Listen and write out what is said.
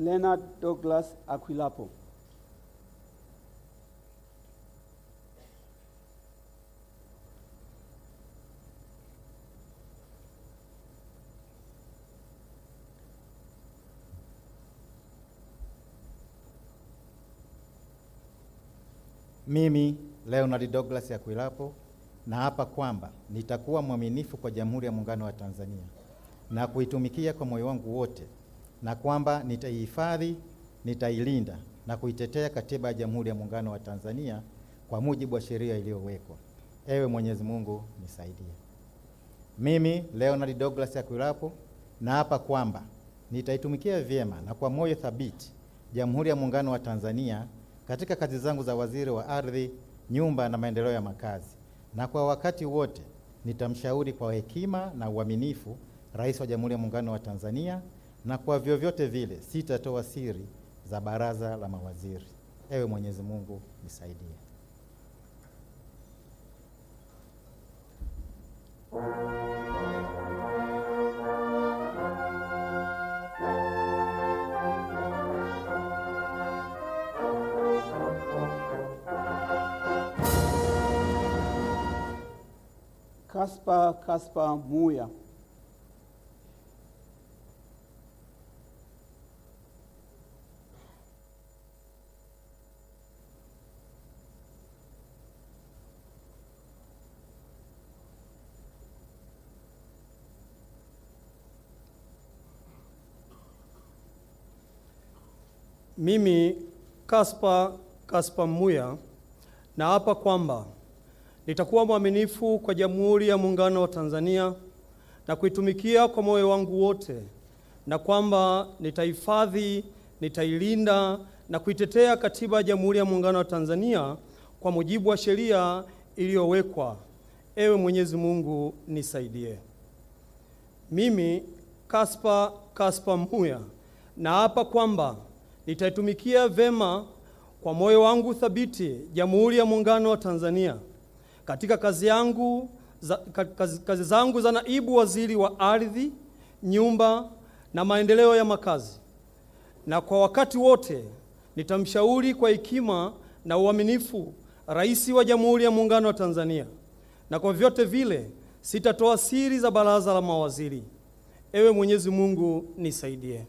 Leonard Douglas Aquilapo. Mimi Leonard Douglas Aquilapo hapa kwamba nitakuwa mwaminifu kwa Jamhuri ya Muungano wa Tanzania na kuitumikia kwa moyo wangu wote na kwamba nitaihifadhi, nitailinda na kuitetea Katiba ya Jamhuri ya Muungano wa Tanzania kwa mujibu wa sheria iliyowekwa. Ewe Mwenyezi Mungu nisaidie. Mimi Leonard Douglas Akwilapo naapa kwamba nitaitumikia vyema na kwa moyo thabiti Jamhuri ya Muungano wa Tanzania katika kazi zangu za waziri wa ardhi, nyumba na maendeleo ya makazi, na kwa wakati wote nitamshauri kwa hekima na uaminifu Rais wa Jamhuri ya Muungano wa Tanzania na kwa vyovyote vile sitatoa siri za baraza la mawaziri. Ewe Mwenyezi Mungu nisaidie. Kaspa Kaspa Muya. Mimi Kaspa Kaspa Mmuya naapa kwamba nitakuwa mwaminifu kwa Jamhuri ya Muungano wa Tanzania na kuitumikia kwa moyo wangu wote, na kwamba nitahifadhi, nitailinda na kuitetea Katiba ya Jamhuri ya Muungano wa Tanzania kwa mujibu wa sheria iliyowekwa. Ewe Mwenyezi Mungu nisaidie. Mimi Kaspa Kaspa Mmuya naapa kwamba nitaitumikia vema kwa moyo wangu thabiti Jamhuri ya Muungano wa Tanzania katika kazi yangu za, kazi, kazi zangu za naibu waziri wa ardhi, nyumba na maendeleo ya makazi, na kwa wakati wote nitamshauri kwa hekima na uaminifu Rais wa Jamhuri ya Muungano wa Tanzania, na kwa vyote vile sitatoa siri za baraza la mawaziri. Ewe Mwenyezi Mungu nisaidie.